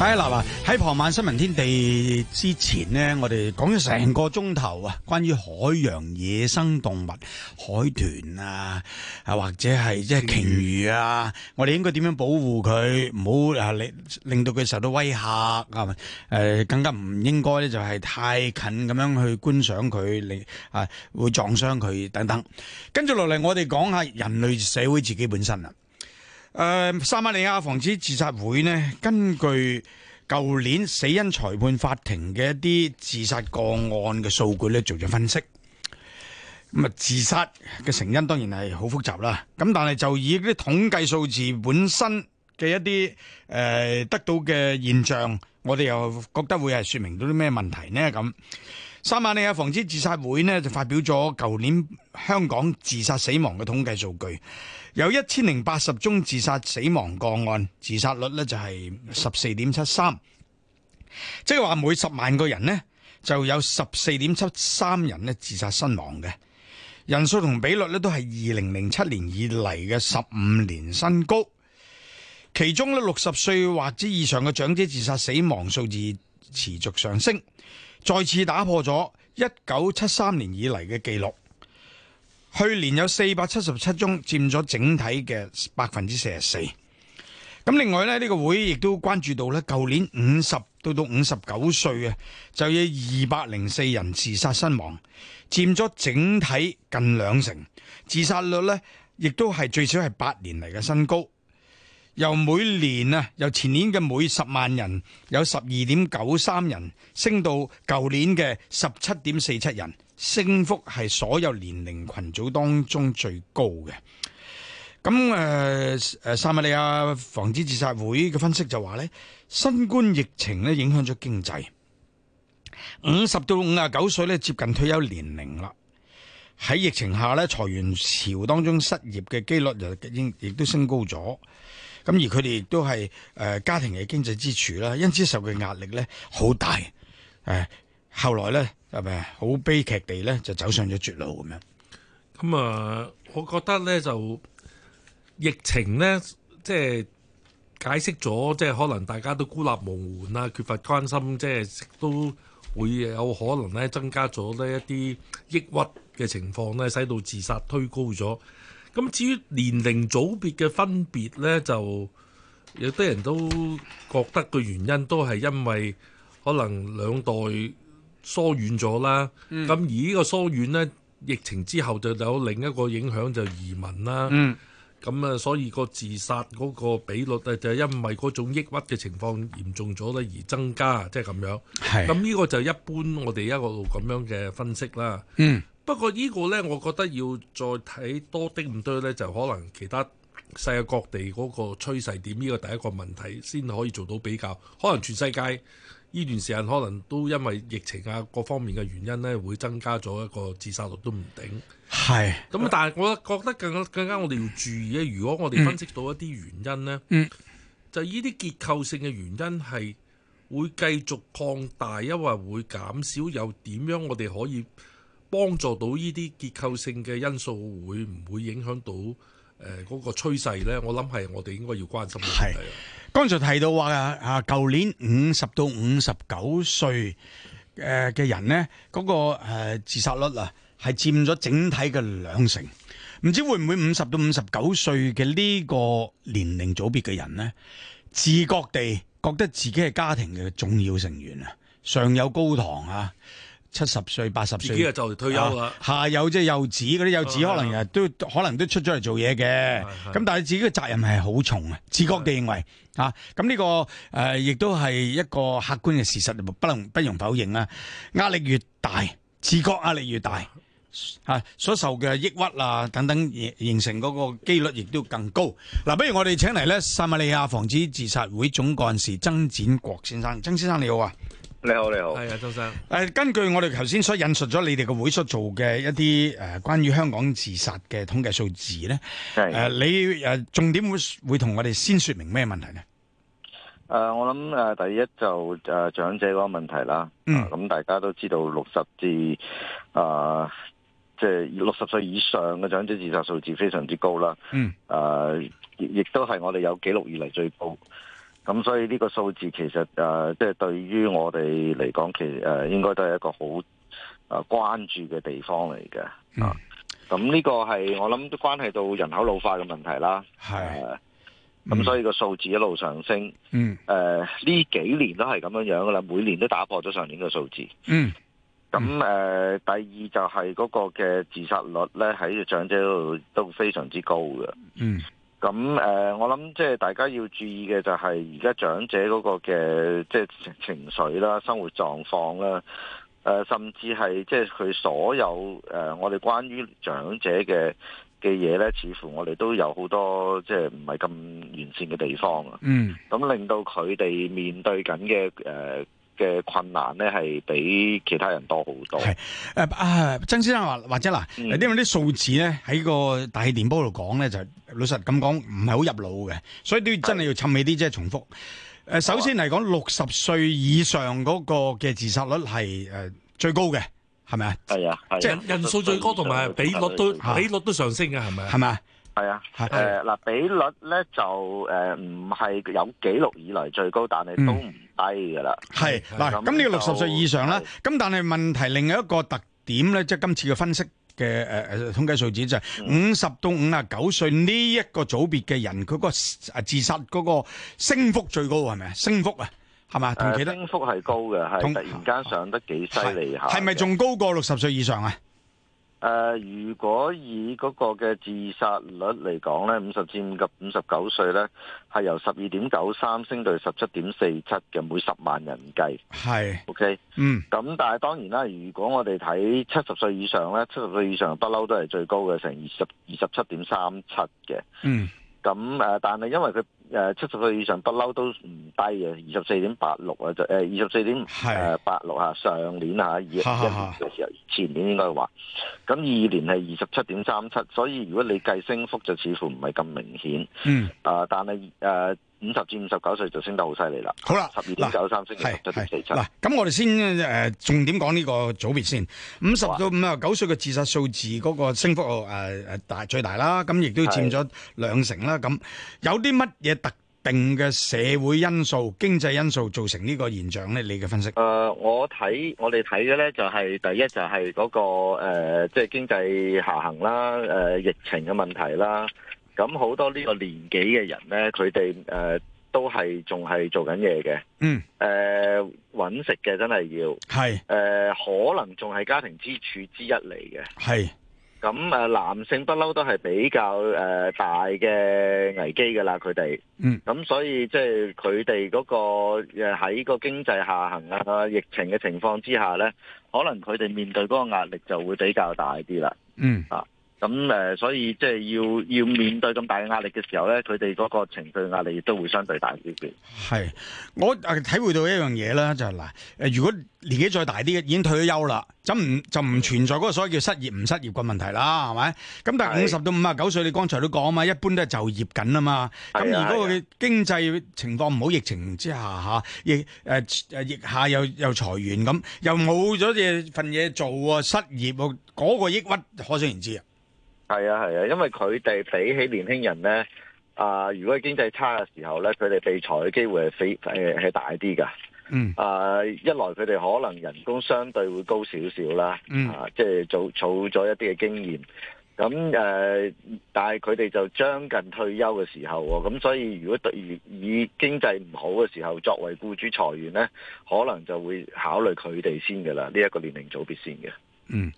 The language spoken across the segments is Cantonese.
哎嗱嗱，喺傍晚新聞天地之前呢，我哋講咗成個鐘頭啊，關於海洋野生動物、海豚啊，啊，或者係即係鯨魚啊，我哋應該點樣保護佢？唔好啊令令到佢受到威嚇，啊，誒，更加唔應該咧，就係太近咁樣去觀賞佢，你啊會撞傷佢等等。跟住落嚟，我哋講下人類社會自己本身啦。誒、撒、呃、馬利亞防止自殺會咧，根據舊年死因裁判法庭嘅一啲自殺個案嘅數據咧，做咗分析。咁啊，自殺嘅成因當然係好複雜啦。咁但係就以啲統計數字本身嘅一啲誒、呃、得到嘅現象，我哋又覺得會係說明到啲咩問題呢？咁撒馬利亞防止自殺會咧就發表咗舊年香港自殺死亡嘅統計數據。有一千零八十宗自殺死亡個案，自殺率呢就係十四點七三，即係話每十萬個人呢就有十四點七三人呢，自殺身亡嘅人數同比率呢都係二零零七年以嚟嘅十五年新高。其中呢，六十歲或者以上嘅長者自殺死亡數字持續上升，再次打破咗一九七三年以嚟嘅記錄。去年有四百七十七宗，佔咗整體嘅百分之四十四。咁另外呢，呢個會亦都關注到呢，舊年五十到到五十九歲啊，就有二百零四人自殺身亡，佔咗整體近兩成。自殺率呢，亦都係最少係八年嚟嘅新高。由每年啊，由前年嘅每十萬人有十二點九三人，升到舊年嘅十七點四七人。升幅係所有年齡群組當中最高嘅。咁誒誒，撒瑪利亞防止自殺會嘅分析就話呢，新冠疫情咧影響咗經濟，五十到五十九歲咧接近退休年齡啦，喺疫情下咧裁員潮當中失業嘅幾率又應亦都升高咗，咁而佢哋亦都係誒家庭嘅經濟支柱啦，因此受嘅壓力咧好大，誒、呃。後來呢，係咪好悲劇地呢？就走上咗絕路咁樣？咁啊、嗯呃，我覺得呢，就疫情呢，即係解釋咗，即係可能大家都孤立無援啦，缺乏關心，即係都會有可能呢，增加咗呢一啲抑鬱嘅情況呢，使到自殺推高咗。咁至於年齡組別嘅分別呢，就有啲人都覺得個原因都係因為可能兩代。疏遠咗啦，咁、嗯、而呢個疏遠呢，疫情之後就有另一個影響就是、移民啦，咁啊、嗯，所以個自殺嗰個比率呢就因為嗰種抑鬱嘅情況嚴重咗咧而增加，即係咁樣。咁呢是個就一般我哋一個度咁樣嘅分析啦。嗯、不過呢個呢，我覺得要再睇多啲唔多呢，就可能其他世界各地嗰個趨勢點呢個第一個問題先可以做到比較，可能全世界。呢段時間可能都因為疫情啊各方面嘅原因呢，會增加咗一個自殺率都唔定。係咁是但係我覺得更加更加我哋要注意咧。如果我哋分析到一啲原因呢，嗯、就呢啲結構性嘅原因係會繼續擴大，因為會減少有點樣我哋可以幫助到呢啲結構性嘅因素，會唔會影響到誒嗰、呃嗰個趨勢咧？我諗係我哋應該要關心嘅問題。剛才提到話啊，舊年五十到五十九歲誒嘅人呢，嗰個誒自殺率啊，係佔咗整體嘅兩成。唔知會唔會五十到五十九歲嘅呢個年齡組別嘅人呢，自覺地覺得自己係家庭嘅重要成員啊，上有高堂啊。七十歲、八十歲，自己就退休啦。吓、啊、有即係幼稚，嗰啲幼稚可能都、哦、可能都出咗嚟做嘢嘅。咁的但係自己嘅責任係好重啊，自覺地認為的啊，咁呢、這個誒亦都係一個客觀嘅事實，不能不容否認啦。壓力越大，自覺壓力越大，吓、啊、所受嘅抑鬱啊等等，形成嗰個機率亦都更高。嗱、啊，不如我哋請嚟咧，撒馬利亞防止自殺會總幹事曾展國先生，曾先生，曾先生你好啊！你好，你好，係啊，曾生。誒，根據我哋頭先所引述咗你哋嘅會所做嘅一啲誒，關於香港自殺嘅統計數字咧，係誒的、啊，你誒、啊、重點會會同我哋先說明咩問題咧？誒、呃，我諗誒，第一就誒、是呃、長者嗰個問題啦。嗯，咁、啊、大家都知道六十至誒，即係六十歲以上嘅長者自殺數字非常之高啦。嗯。誒、啊，亦都係我哋有記錄以嚟最高。咁所以呢個數字其實誒，即、呃、係、就是、對於我哋嚟講，其實誒、呃、應該都係一個好誒、呃、關注嘅地方嚟嘅。嚇、啊，咁呢個係我諗都關係到人口老化嘅問題啦。係是，咁、呃、所以個數字一路上升。嗯。誒呢、呃、幾年都係咁樣樣噶啦，每年都打破咗上年嘅數字。嗯。咁、嗯、誒、呃，第二就係嗰個嘅自殺率咧，喺長者度都非常之高嘅。嗯。咁誒、呃，我諗即係大家要注意嘅就係而家長者嗰個嘅即係情緒啦、生活狀況啦，誒、呃，甚至係即係佢所有誒、呃，我哋關於長者嘅嘅嘢咧，似乎我哋都有好多即係唔係咁完善嘅地方啊。嗯，咁令到佢哋面對緊嘅誒、呃嘅困難咧係比其他人多好多。係誒啊，曾先生話或者嗱，者嗯、因為啲數字咧喺個大氣電波度講咧，就老實咁講唔係好入腦嘅，所以都真係要趁尾啲即係重複。誒的，首先嚟講，六十歲以上嗰個嘅自殺率係誒最高嘅，係咪啊？係啊，即係的的人，人數最高同埋比率都比率都上升嘅，係咪？係咪？係啊，誒嗱比率，咧就誒唔係有紀錄以來最高，但係都唔低噶啦。係嗱，咁呢個六十歲以上啦，咁但係問題另一個特點咧，即係今次嘅分析嘅誒誒統計數字就係五十到五十九歲呢一個組別嘅人，佢個誒自殺嗰個升幅最高係咪啊？升幅啊，係嘛？同其他升幅係高嘅，係突然間上得幾犀利下。係咪仲高過六十歲以上啊？誒、呃，如果以嗰個嘅自殺率嚟講咧，五十至五及五十九歲咧，係由十二點九三升到十七點四七嘅每十萬人計。係是，OK，嗯。咁但係當然啦，如果我哋睇七十歲以上咧，七十歲以上不嬲都係最高嘅，成二十二十七點三七嘅。嗯。咁誒、呃，但係因為佢。誒，七十歲以上不嬲都唔低嘅，二十四點八六啊，就誒二十四點誒八六啊，上年啊二一年嘅時候， 前年應該話，咁二年係二十七點三七，所以如果你計升幅就似乎唔係咁明顯，嗯，啊，但係誒。啊五十至五十九歲就升得好犀利啦！好啦，十二點九三升，十七點四七。嗱，咁我哋先誒重點講呢個組別先。五十到五十九歲嘅自殺數字嗰個升幅誒誒大最大啦，咁亦都佔咗兩成啦。咁有啲乜嘢特定嘅社會因素、經濟因素造成呢個現象咧？你嘅分析？誒，我睇我哋睇嘅咧，就係第一就係嗰個誒，即係經濟下行啦，誒疫情嘅問題啦。咁好多呢個年紀嘅人咧，佢哋誒都係仲係做緊嘢嘅。嗯。誒、呃，搵食嘅真係要。係是。誒、呃，可能仲係家庭支柱之一嚟嘅。係是。咁誒，男性不嬲都係比較誒大嘅危機㗎喇，佢哋。嗯。咁所以即係佢哋嗰個誒喺個，個經濟下行啊、疫情嘅情況之下咧，可能佢哋面對嗰個壓力就會比較大啲啦。嗯。啊。咁誒，所以即係要要面對咁大嘅壓力嘅時候咧，佢哋嗰個情緒壓力亦都會相對大少少。係我體會到一樣嘢啦，就係嗱誒，如果年紀再大啲，已經退咗休啦，就唔就唔存在嗰個所謂叫失業唔失業嘅問題啦，係咪？咁但係五十到五啊九歲，你剛才都講啊嘛，一般都係就業緊啊嘛。咁如果佢經濟情況唔好，疫情之下嚇，亦誒誒，疫下又又裁員咁，又冇咗嘢份嘢做啊，失業啊，嗰個抑鬱可想而知啊！係啊係啊，因為佢哋比起年輕人咧，啊、呃，如果經濟差嘅時候咧，佢哋被裁嘅機會係非誒係大啲噶。嗯，啊，uh, 一來佢哋可能人工相對會高少少啦。嗯，即係、啊就是、做儲咗一啲嘅經驗。咁誒、呃，但係佢哋就將近退休嘅時候，咁所以如果對以經濟唔好嘅時候作為僱主裁員咧，可能就會考慮佢哋先噶啦，呢、這、一個年齡組別先嘅。嗯。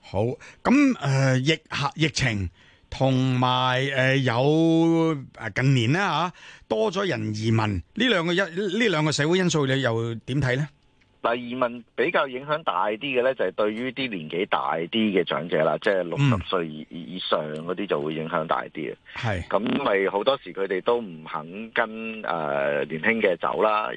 好咁誒，疫客疫情同埋誒有誒近年啦吓多咗人移民，呢兩個因呢兩個社會因素你又點睇咧？嗱，移民比較影響大啲嘅咧，就係對於啲年紀大啲嘅長者啦，即係六十歲以以上嗰啲就會影響大啲啊。係咁，咪好多時佢哋都唔肯跟誒年輕嘅走啦。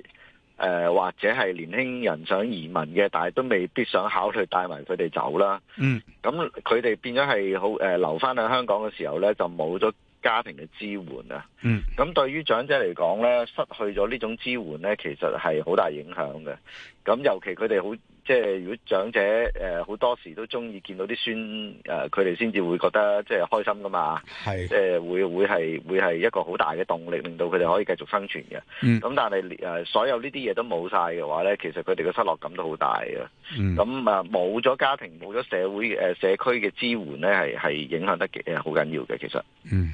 誒、呃、或者係年輕人想移民嘅，但係都未必想考慮帶埋佢哋走啦。嗯，咁佢哋變咗係好誒、呃、留翻喺香港嘅時候咧，就冇咗家庭嘅支援啊。嗯，咁對於長者嚟講咧，失去咗呢種支援咧，其實係好大影響嘅。咁尤其佢哋好。即係如果長者誒，好、呃、多時都中意見到啲孫誒，佢哋先至會覺得即係、呃、開心噶嘛。係，即係會會係會係一個好大嘅動力，令到佢哋可以繼續生存嘅。咁、嗯、但係誒、呃，所有呢啲嘢都冇晒嘅話咧，其實佢哋嘅失落感都好大嘅。咁啊、嗯，冇咗、呃、家庭，冇咗社會誒、呃、社區嘅支援咧，係係影響得誒好緊要嘅。其實，嗯，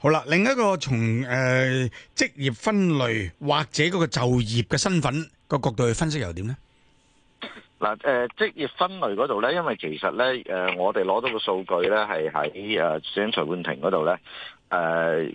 好啦，另一個從誒職業分類或者嗰個就業嘅身份、嗰個角度去分析，又點咧？嗱誒，職業分類嗰度咧，因為其實咧誒，我哋攞到個數據咧，係喺誒選徐冠廷嗰度咧誒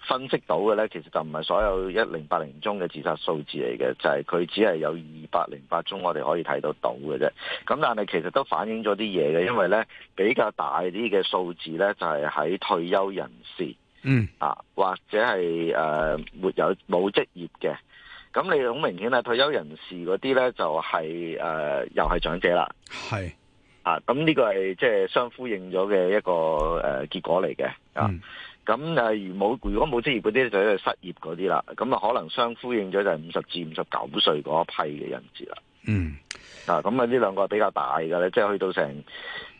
分析到嘅咧，其實就唔係所有一零八零宗嘅自殺數字嚟嘅，就係、是、佢只係有二百零八宗我哋可以睇到到嘅啫。咁但係其實都反映咗啲嘢嘅，因為咧比較大啲嘅數字咧，就係喺退休人士，嗯啊，或者係誒沒有冇職業嘅。咁你好明顯啦，退休人士嗰啲咧就係、是、誒、呃、又係長者啦，係是啊，咁呢個係即係相呼應咗嘅一個誒、呃、結果嚟嘅、嗯、啊。咁誒，冇如果冇職業嗰啲就失業嗰啲啦，咁啊可能相呼應咗就係五十至五十九歲嗰一批嘅人士啦。嗯，啊，咁啊呢兩個比較大嘅咧，即、就、係、是、去到成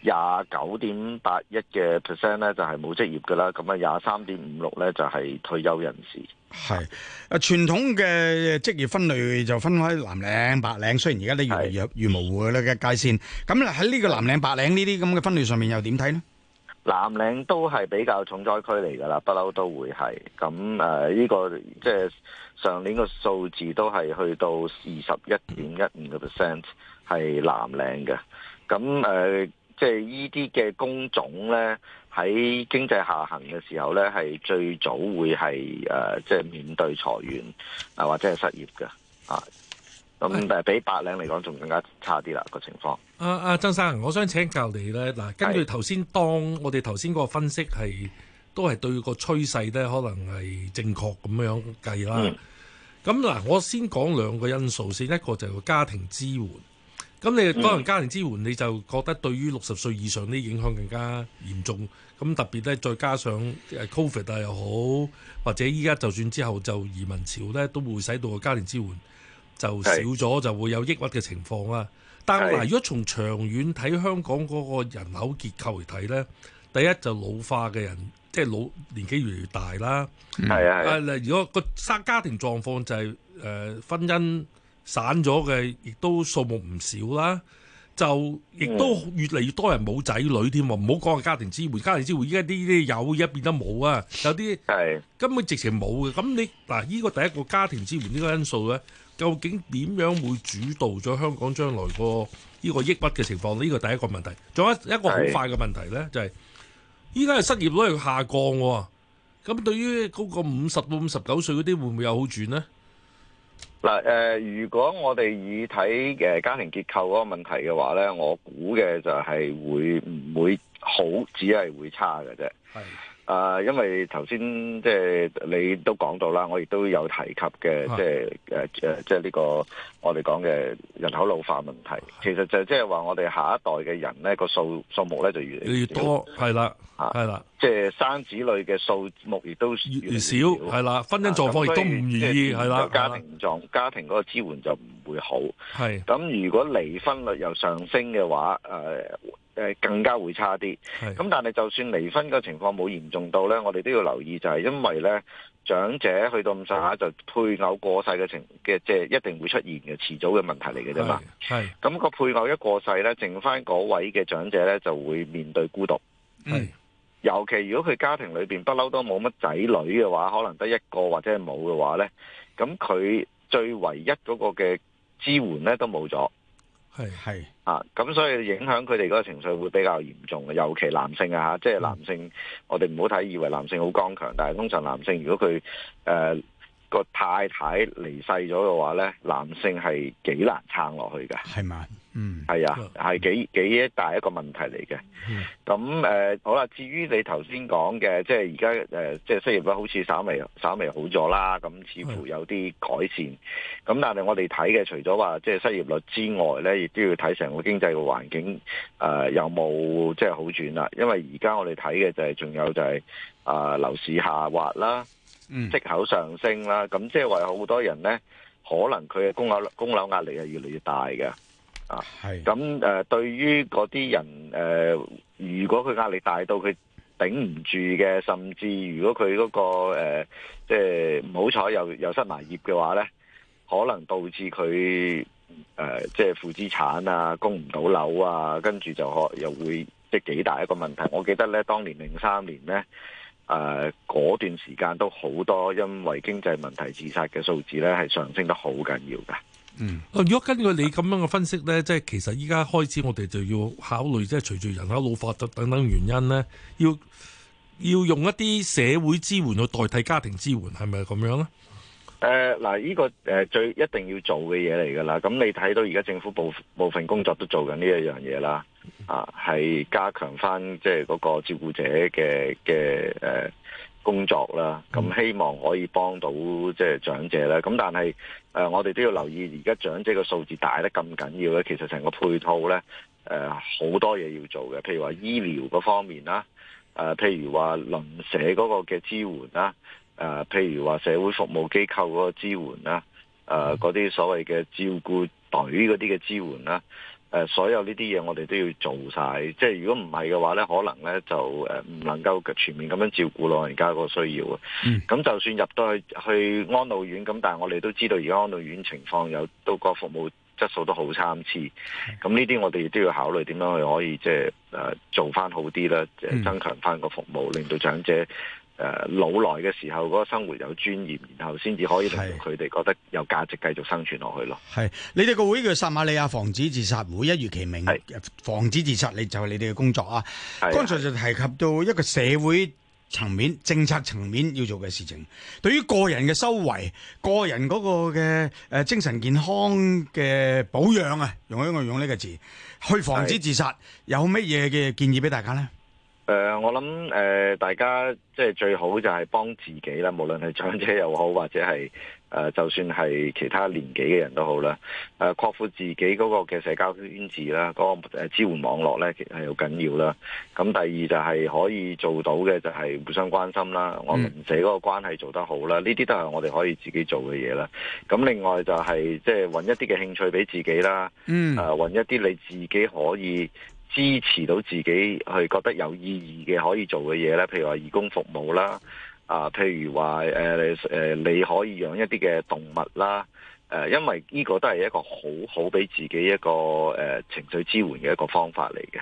廿九點八一嘅 percent 咧，就係、是、冇職業嘅啦。咁啊廿三點五六咧就係、是、退休人士。係，啊傳統嘅職業分類就分開藍領、白領，雖然而家咧越嚟越越模糊啦嘅界綫。咁喺呢個藍領、白領呢啲咁嘅分類上面又點睇咧？藍領都係比較重災區嚟噶啦，不嬲都會係。咁誒，呢個即係上年個數字都係去到四十一點一五個 percent 係藍領嘅。咁誒，即係呢啲嘅工種咧。喺經濟下行嘅時候咧，係最早會係誒、呃，即係面對裁員啊，或者係失業嘅啊。咁但係，比白領嚟講，仲更加差啲啦個情況。阿阿曾生，我想請教你咧，嗱，根據頭先當我哋頭先個分析係，都係對個趨勢咧，可能係正確咁樣計、嗯、啦。咁嗱，我先講兩個因素先，一個就係個家庭支援。咁你當人家庭支援你就覺得對於六十歲以上啲影響更加嚴重。咁特別咧，再加上 COVID 啊又好，或者依家就算之後就移民潮咧，都會使到個家庭支援就少咗，是就會有抑鬱嘅情況啦。但係如果從長遠睇香港嗰個人口結構嚟睇咧，第一就老化嘅人，即、就、係、是、老年紀越嚟越大啦。係啊的，啊嗱、呃，如果個生家庭狀況就係、是、誒、呃、婚姻。散咗嘅亦都數目唔少啦，就亦都越嚟越多人冇仔女添。唔好講個家庭支援，家庭支援而家啲啲有嘢變得冇啊，有啲根本直情冇嘅。咁你嗱呢、啊呢個第一個家庭支援呢個因素咧，究竟點樣會主導咗香港將來個呢個抑鬱嘅情況呢？呢個第一個問題，仲有一個好快嘅問題咧，就係依家係失業率下降喎、啊。咁對於嗰個五十到五十九歲嗰啲，會唔會有好轉呢？嗱，誒，如果我哋以睇嘅家庭結構嗰個問題嘅話咧，我估嘅就係會唔會好，只係會差嘅啫。係。啊、呃，因為頭先即係你都講到啦，我亦都有提及嘅，即係誒誒，即係呢個我哋講嘅人口老化問題，其實就即係話我哋下一代嘅人咧，這個數數目咧就越嚟越，越多，係啦，係啦，即係、啊、就是、生子女嘅數目亦都越，越少，係啦，婚姻狀況亦、啊、都唔如意，係啦，家庭狀家庭嗰個支援就唔會好，係咁是，是如果離婚率又上升嘅話，誒、呃。呃誒更加會差啲，咁是、嗯、但係就算離婚嘅情況冇嚴重到呢，我哋都要留意，就係因為呢長者去到咁上下就配偶過世嘅情嘅，即係一定會出現嘅遲早嘅問題嚟嘅啫嘛。咁個配偶一過世呢，剩翻嗰位嘅長者呢，就會面對孤獨。是嗯、尤其如果佢家庭裏邊不嬲都冇乜仔女嘅話，可能得一個或者係冇嘅話呢，咁佢最唯一嗰個嘅支援呢，都冇咗。係係啊，咁所以影響佢哋嗰個情緒會比較嚴重，嘅，尤其男性啊吓，即係男性，啊男性嗯、我哋唔好睇以為男性好剛強，但係通常男性如果佢誒、呃、個太太離世咗嘅話咧，男性係幾難撐落去噶，係嘛？嗯，係啊，係幾幾大一個問題嚟嘅。咁誒，好啦，至於你頭先講嘅，即係而家誒，即係失業率好似稍微稍微好咗啦，咁似乎有啲改善。咁但係我哋睇嘅，除咗話即係失業率之外咧，亦都要睇成個經濟嘅環境誒，有冇即係好轉啦？因為而家我哋睇嘅就係仲有就係啊，樓市下滑啦，息口上升啦，咁即係話好多人咧，可能佢嘅供樓供樓壓力係越嚟越大嘅。是啊，係咁誒，對於嗰啲人誒、呃，如果佢壓力大到佢頂唔住嘅，甚至如果佢嗰、嗰個誒，即係唔好彩又又失埋業嘅話咧，可能導致佢誒，即係負資產啊，供唔到樓啊，跟住就可又會即係幾大一個問題。我記得咧，當年零三年咧，誒、呃、嗰段時間都好多因為經濟問題自殺嘅數字咧，係上升得好緊要噶。嗯，如果根據你咁樣嘅分析呢，即係、嗯、其實依家開始我哋就要考慮，即、就、係、是、隨住人口老化等等原因呢，要要用一啲社會支援去代替家庭支援，係咪咁樣呢？誒、呃，嗱、這個，呢個誒最一定要做嘅嘢嚟噶啦。咁你睇到而家政府部部分工作都做緊呢一樣嘢啦，啊、呃，係加強翻即係嗰個照顧者嘅嘅誒，工作啦，咁希望可以幫到即係長者啦。咁但係誒，我哋都要留意而家長者嘅數字大得咁緊要咧，其實成個配套咧誒，好多嘢要做嘅，譬如話醫療嗰方面啦，誒譬如話鄰舍嗰個嘅支援啦，誒譬如話社會服務機構嗰個支援啦，誒嗰啲所謂嘅照顧隊嗰啲嘅支援啦。誒、呃、所有呢啲嘢我哋都要做晒，即係如果唔係嘅話，咧，可能咧就誒唔、呃、能夠全面咁樣照顧老人家個需要啊。咁、嗯、就算入到去去安老院，咁但係我哋都知道而家安老院情況有都個服務質素都好參差。咁呢啲我哋亦都要考慮點樣去可以即係誒做翻好啲啦，增強翻個服務，令到長者。誒，老來嘅時候嗰個生活有尊嚴，然後先至可以令到佢哋覺得有價值繼續生存落去咯。係，你哋個會叫撒瑪利亞防止自殺會，一如其名，的防止自殺，你就係你哋嘅工作啊。剛的才就提及到一個社會層面、政策層面要做嘅事情，對於個人嘅修為、個人嗰個嘅誒精神健康嘅保養啊，用一我用呢個字去防止自殺，的有乜嘢嘅建議俾大家呢？誒、呃，我諗誒、呃，大家即係最好就係幫自己啦，無論係長者又好，或者係誒、呃，就算係其他年紀嘅人都好啦。誒、呃，擴闊自己嗰個嘅社交圈子啦，嗰、那個誒支援網絡咧，其實係好緊要啦。咁第二就係可以做到嘅就係互相關心啦，嗯、我鄰舍嗰個關係做得好啦，呢啲都係我哋可以自己做嘅嘢啦。咁另外就係即係搵一啲嘅興趣俾自己啦，誒、嗯，搵、呃、一啲你自己可以。支持到自己去覺得有意義嘅可以做嘅嘢咧，譬如話義工服務啦，啊，譬如話誒誒你可以養一啲嘅動物啦，誒、啊、因為呢個都係一個好好俾自己一個誒、呃、情緒支援嘅一個方法嚟嘅，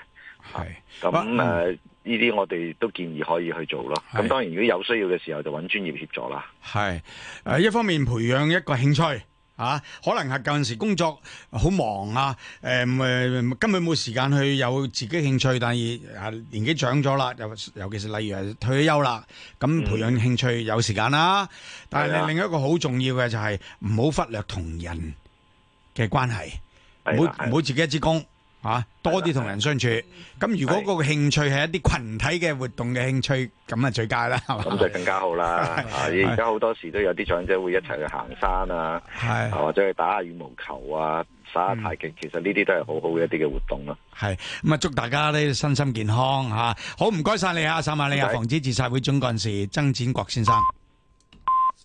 係咁誒呢啲我哋都建議可以去做咯。咁、啊、是當然如果有需要嘅時候就揾專業協助啦。係誒一方面培養一個興趣。啊，可能係舊陣時工作好忙啊，誒、呃，根本冇時間去有自己興趣，但係啊年紀長咗啦，又尤其是例如係退咗休啦，咁培養興趣有時間啦。但係另外一個好重要嘅就係唔好忽略同人嘅關係，唔好唔好自己一支公。啊，多啲同人相處，咁的如果個興趣係一啲群體嘅活動嘅興趣，咁啊最佳啦，咁就更加好啦。而家好多時都有啲長者會一齊去行山啊，係的或者去打下羽毛球啊，耍下太極，嗯、其實呢啲都係好好嘅一啲嘅活動咯。係咁啊，祝大家咧身心健康吓。好，唔該晒你啊，撒瑪利亞啊，防止的自殺會總幹事曾展國先生。